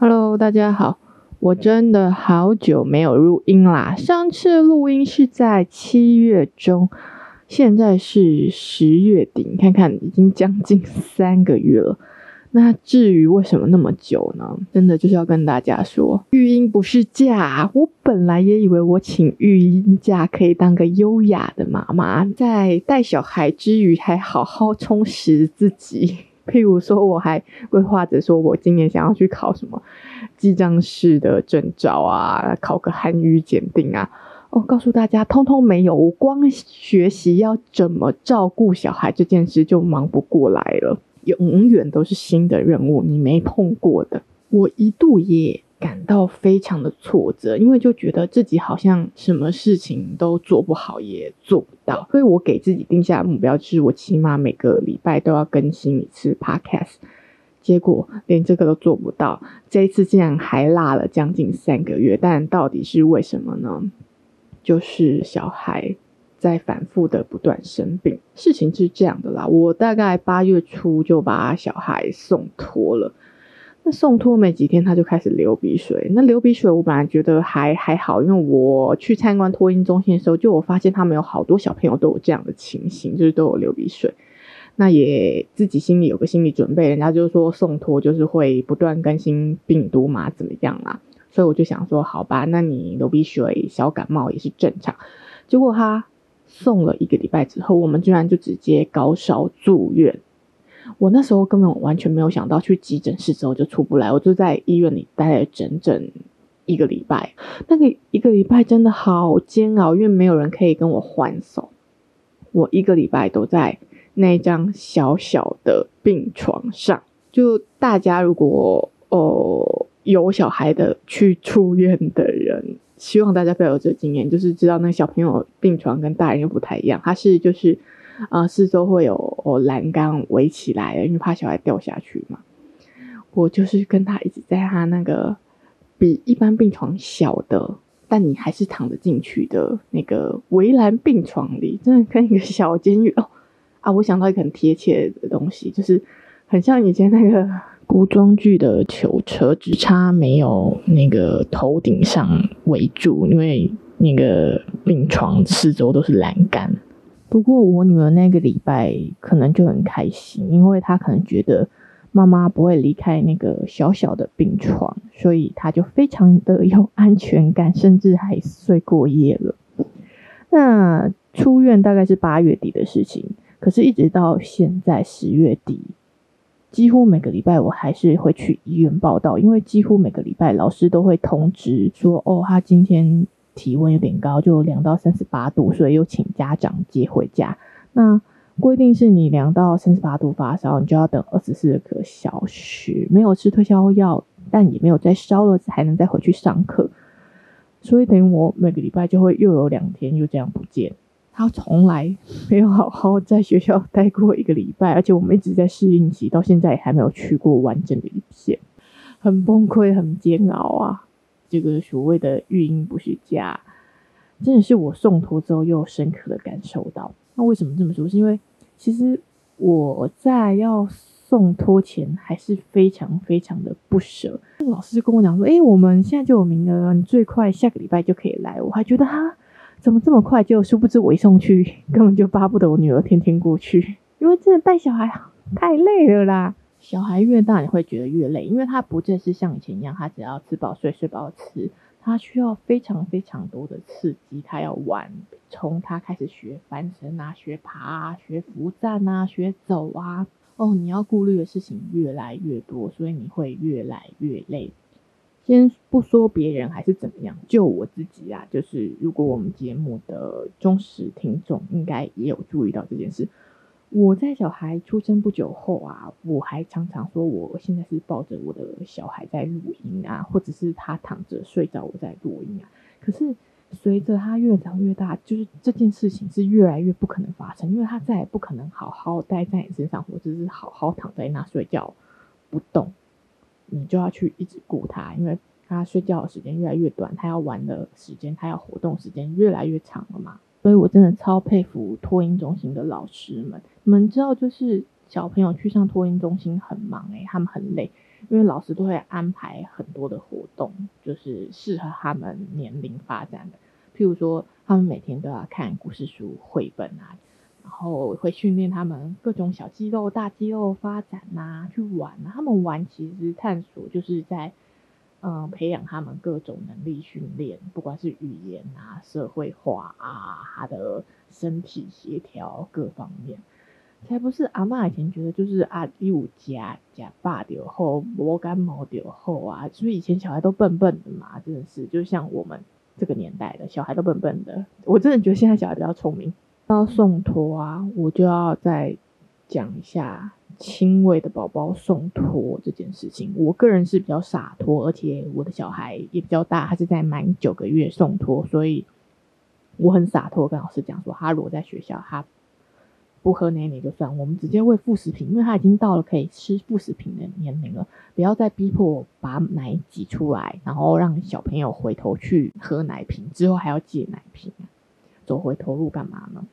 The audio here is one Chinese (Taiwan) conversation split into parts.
哈嘍，大家好！我真的好久沒有錄音啦，上次錄音是在七月中，現在是十月底，你看看已經將近三個月了。那至於為什麼那麼久呢？真的就是要跟大家說，育嬰不是假。我本來也以為我請育嬰假可以當個優雅的媽媽，在帶小孩之餘還好好充實自己。譬如說，我還規劃着說，我今年想要去考什麼記帳士的證照啊，考個韓語檢定啊。我、哦、告訴大家，通通沒有。我光學習要怎麼照顧小孩這件事就忙不過來了，永遠都是新的任務，你沒碰過的。我一度也。感到非常的挫折，因為就覺得自己好像什麼事情都做不好，也做不到。所以我給自己定下目標，就是我起碼每個禮拜都要更新一次 Podcast。結果連這個都做不到，這一次竟然還落了將近三個月。但到底是為什麼呢？就是小孩在反覆的不斷生病。事情是這樣的啦，我大概八月初就把小孩送托了。送托沒幾天，他就開始流鼻水。那流鼻水，我本來覺得還還好因為我去參觀托嬰中心的時候，就我發現他們有好多小朋友都有這樣的情形，就是都有流鼻水。那也自己心裡有個心理準備，人家就說送托就是會不斷更新病毒嘛，怎麼樣啦、啊？所以我就想說，好吧，那你流鼻水、小感冒也是正常。結果他送了一個禮拜之後，我們居然就直接高燒住院。我那時候根本完全沒有想到，去急診室之後就出不來，我就在醫院裡待了整整一個禮拜。那個一個禮拜真的好煎熬，因為沒有人可以跟我換手。我一個禮拜都在那張小小的病床上。就大家如果哦、呃、有小孩的去住院的人，希望大家不要有這經驗，就是知道那個小朋友病床跟大人又不太一樣，他是就是。啊、呃，四周會有哦、欄杆圍起來，因為怕小孩掉下去嘛。我就是跟他一直在他那個比一般病床小的，但你還是躺着進去的那個圍欄病床裡，真的跟一個小監獄哦。啊，我想到一個很貼切的東西，就是很像以前那個古裝劇的囚車，只差沒有那個頭頂上圍住，因為那個病床四周都是欄杆。 不過，我女兒那個禮拜可能就很開心，因為她可能覺得媽媽不會離開那個小小的病床，所以她就非常的有安全感，甚至還睡過夜了。那出院大概是八月底的事情，可是一直到現在十月底，幾乎每個禮拜我還是會去醫院報到，因為幾乎每個禮拜老師都會通知說，哦，她今天。體溫有點高，就量到三十八度，所以又請家長接回家。那規定是，你量到三十八度發燒，你就要等二十四個小時，沒有吃退燒藥，但也沒有再燒了，才能再回去上課。所以，等於我每個禮拜就會又有兩天又這樣不見，他從來沒有好好在學校待過一個禮拜，而且我們一直在適應期，到現在也還沒有去過完整的一天。很崩潰，很煎熬啊。這個所謂的育嬰不是假，真的是我送托之後又深刻的感受到。那為什麼這麼說？是因為其實我在要送托前還是非常非常的不捨。老師就跟我講說：“哎、欸，我們現在就有名額，你最快下個禮拜就可以來。”我還覺得哈，怎麼這麼快？就殊不知我一送去，根本就巴不得我女兒天天過去，因為真的帶小孩太累了啦。小孩越大，你會覺得越累，因為他不再是像以前一樣，他只要吃飽睡，睡飽吃，他需要非常非常多的刺激，他要玩，從他開始學翻身啊，學爬啊，學扶站啊，學走啊，哦，你要顧慮的事情越來越多，所以你會越來越累。先不說別人還是怎麼樣，就我自己啊，就是如果我們節目的忠實聽眾，應該也有注意到這件事。我在小孩出生不久後啊，我還常常說我現在是抱着我的小孩在錄音啊，或者是他躺着睡着我在錄音啊。可是隨着他越長越大，就是這件事情是越來越不可能發生，因為他再也不可能好好待在你身上，或者是好好躺在那睡覺不動，你就要去一直顧他，因為他睡覺的時間越來越短，他要玩的時間，他要活動時間越來越長了嘛。所以我真的超佩服托嬰中心的老師們。你們知道，就是小朋友去上托嬰中心很忙誒、欸，他們很累，因為老師都會安排很多的活動，就是適合他們年齡發展的。譬如說，他們每天都要看故事書、繪本啊，然後會訓練他們各種小肌肉、大肌肉發展吶、啊，去玩、啊。他們玩其實探索就是在。嗯，培養他們各種能力，訓練，不管是語言啊、社會化啊，他的身體協調各方面，才不是阿嬤，以前覺得就是啊，又五加夾爸丟後，羅干毛丟後啊，所以以前小孩都笨笨的嘛，真的是，就像我們這個年代的小孩都笨笨的，我真的覺得現在小孩比較聰明。要送托啊，我就要再講一下。親餵的寶寶送托這件事情，我個人是比較灑脫，而且我的小孩也比較大，他是在滿九個月送托，所以我很灑脫，跟老師講說，他如果在學校他不喝奶奶就算，我們直接餵副食品，因為他已經到了可以吃副食品的年齡了，不要再逼迫我把奶擠出來，然後讓小朋友回頭去喝奶瓶，之後還要戒奶瓶，走回頭路幹嘛呢？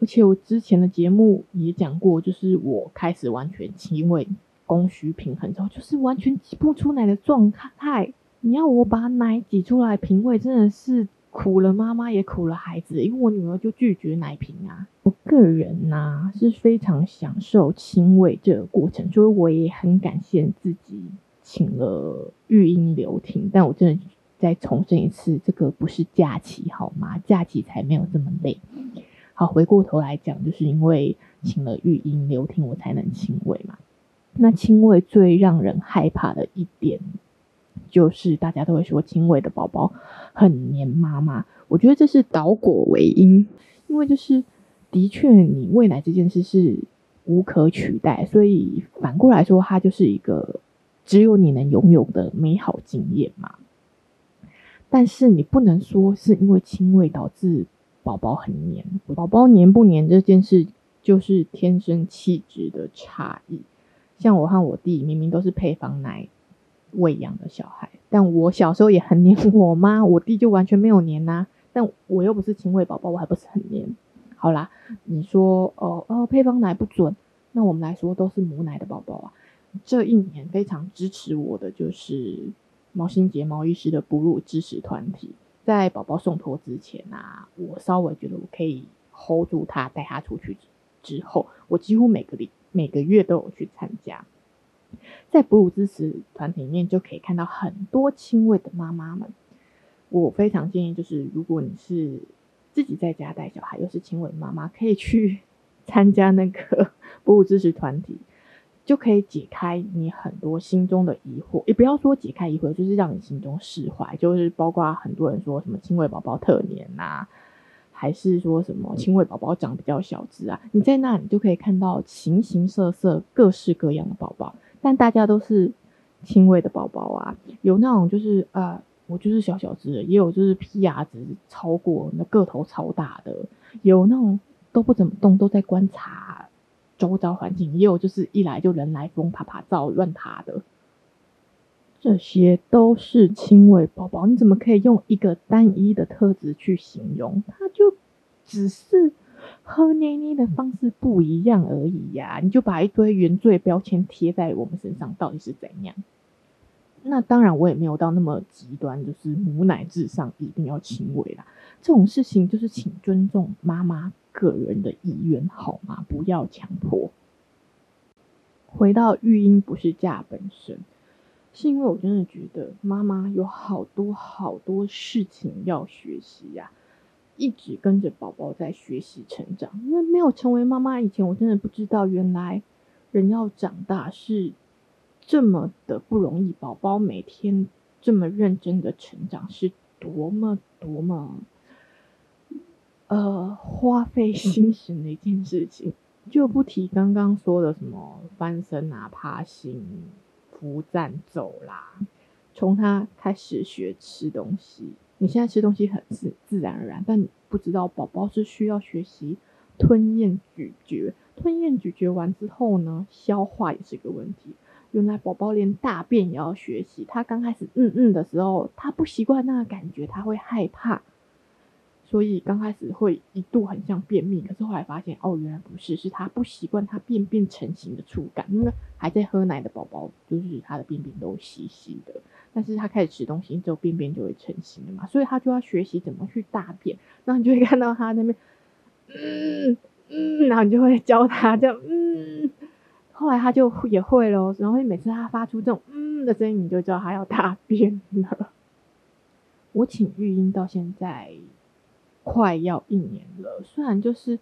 而且我之前的節目也講過，就是我開始完全親餵供需平衡之後，就是完全擠不出奶的狀態。你要我把奶擠出來，瓶餵真的是苦了媽媽也苦了孩子，因為我女兒就拒絕奶瓶啊。我個人呢、啊、是非常享受親餵這個過程，所以我也很感謝自己請了育嬰留停，但我真的再重申一次，這個不是假期好嗎？假期才沒有這麼累。好，回過頭來講，就是因為請了育嬰留停，我才能親餵嘛。那親餵最讓人害怕的一點，就是大家都會說親餵的寶寶很黏媽媽。我覺得這是倒果為因，因為就是的確，你餵奶這件事是無可取代，所以反過來說，它就是一個只有你能擁有的美好經驗嘛。但是你不能說是因為親餵導致。寶寶很黏，寶寶黏不黏這件事就是天生氣質的差異。像我和我弟明明都是配方奶餵養的小孩，但我小時候也很黏我媽，我弟就完全沒有黏吶、啊。但我又不是親餵寶寶，我還不是很黏。好啦，你說哦哦配方奶不準，那我們來說都是母奶的寶寶啊。這一年非常支持我的就是毛心潔毛醫師的哺乳支持團體。在寶寶送托之前啊，我稍微覺得我可以 hold 住他，帶他出去之後，我幾乎每個禮每個月都有去參加，在哺乳支持團體裡面就可以看到很多親餵的媽媽們。我非常建議，就是如果你是自己在家帶小孩，又是親餵媽媽，可以去參加那個哺乳支持團體。就可以解開你很多心中的疑惑，也不要說解開疑惑，就是讓你心中釋懷，就是包括很多人說什麼親餵寶寶特黏吶、啊，還是說什麼親餵寶寶長比較小隻啊，嗯、你在那，你就可以看到形形色色、各式各樣的寶寶，但大家都是親餵的寶寶啊，有那種就是啊、呃，我就是小小隻，也有就是 PR 值超過，那個頭超大的，有那種都不怎麼動，都在觀察。周遭環境也有，就是一來就人來瘋、趴趴走、亂爬的，這些都是親餵寶寶，你怎麼可以用一個單一的特質去形容？它就只是喝奶奶的方式不一樣而已呀、啊！你就把一堆原罪標籤貼在我們身上，到底是怎樣？那當然，我也沒有到那麼極端，就是母奶至上，一定要親餵啦。這種事情就是請尊重媽媽個人的意願，好嗎？不要強迫。回到育嬰不是假本身，是因為我真的覺得媽媽有好多好多事情要學習呀、啊，一直跟着寶寶在學習成長。因為沒有成為媽媽以前，我真的不知道原來人要長大是這麼的不容易。寶寶每天這麼認真的成長，是多麼多麼。呃，花費心神的一件事情， 就不提剛剛說的什麼翻身、哪爬行、扶站走啦。從他開始學吃東西，你現在吃東西很是自然而然，但你不知道寶寶是需要學習吞嚥、咀嚼。吞嚥、咀嚼完之後呢，消化也是一個問題。原來寶寶連大便也要學習。他剛開始嗯嗯的時候，他不習慣那個感覺，他會害怕。所以剛開始會一度很像便秘，可是後來發現哦，原來不是，是他不習慣他便便成型的觸感。因、嗯、為還在喝奶的寶寶，就是他的便便都稀稀的。但是他開始吃東西之後，便便就會成型了嘛，所以他就要學習怎麼去大便。然後你就會看到他那邊嗯，嗯，然後你就會教他這樣嗯。後來他就也會咯，然後每次他發出這種嗯的聲音，你就知道他要大便了。我請育嬰到現在。快要一年了，雖然就是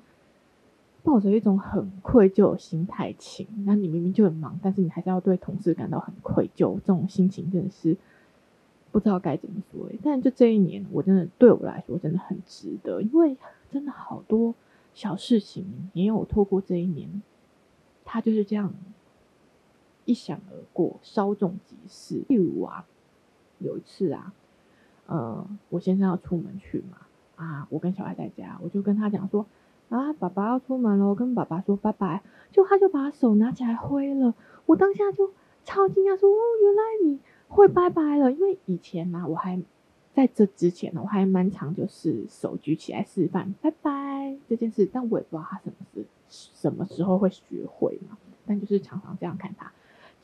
抱着一種很愧疚的心態，情，那你明明就很忙，但是你還是要對同事感到很愧疚，這種心情真的是不知道該怎麼說、欸。但就這一年，我真的對我來說真的很值得，因為真的好多小事情也有透過這一年，他就是這樣一閃而過，稍縱即逝。例如啊，有一次啊，呃，我先生要出門去嘛。啊！我跟小孩在家，我就跟他講說：“啊，爸爸要出門了，我跟爸爸說拜拜。”就他，就把手拿起來揮了。我當下就超驚訝，說：“哦，原來你會拜拜了。”因為以前呢、啊，我還在這之前呢，我還蠻常就是手舉起來示範拜拜這件事。但我也不知道他什麼時什麼時候會學會嘛。但就是常常這樣看他。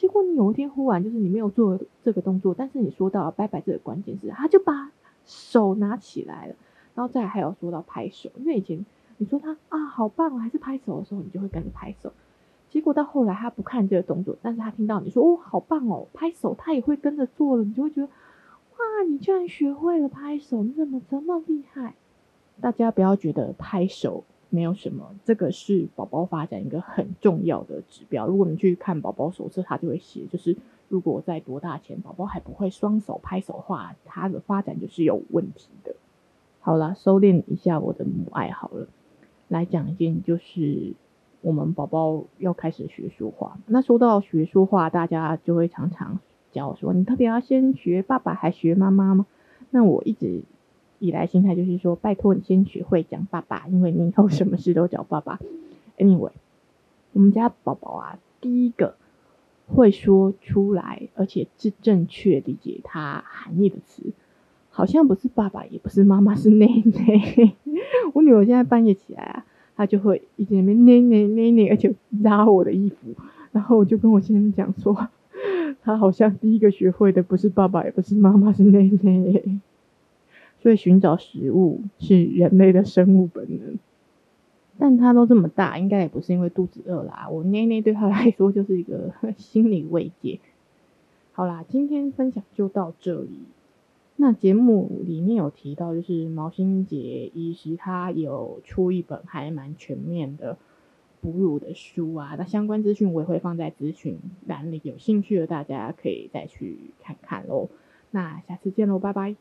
結果你有一天忽然就是你沒有做這個動作，但是你說到了拜拜這個關鍵詞，他就把手拿起來了。然後再還有說到拍手，因為以前你說他啊好棒哦，還是拍手的時候，你就會跟着拍手。結果到後來他不看這個動作，但是他聽到你說哦好棒哦拍手，他也會跟着做了。你就會覺得哇，你居然學會了拍手，你怎麼這麼厲害？大家不要覺得拍手沒有什麼，這個是寶寶發展一個很重要的指標。如果你去看寶寶手冊，他就會寫，就是如果在多大前寶寶還不會雙手拍手的話，他的發展就是有問題。好啦，收斂一下我的母愛。好了，來講一件，就是我們寶寶要開始學說話。那說到學說話，大家就會常常教我說：“你特別要先學爸爸，還學媽媽嗎？”那我一直以來心態就是說：“拜託你先學會講爸爸，因為你以後什麼事都找爸爸。” Anyway，我們家寶寶啊，第一個會說出來，而且是正確理解它含義的詞。好像不是爸爸，也不是媽媽，是奶奶。 我女兒現在半夜起來啊，她就會一直在那邊奶奶奶奶，而且拉我的衣服，然後我就跟我先生講說，她好像第一個學會的不是爸爸，也不是媽媽，是奶奶。所以尋找食物是人類的生物本能，但她都這麼大，應該也不是因為肚子餓啦。我奶奶對她來說就是一個心理慰藉。好啦，今天分享就到這裡。那節目裡面有提到，就是毛心潔醫師他有出一本還蠻全面的哺乳的書啊，那相關資訊我也會放在資訊欄裡，有興趣的大家可以再去看看嘍。那下次見嘍，拜拜。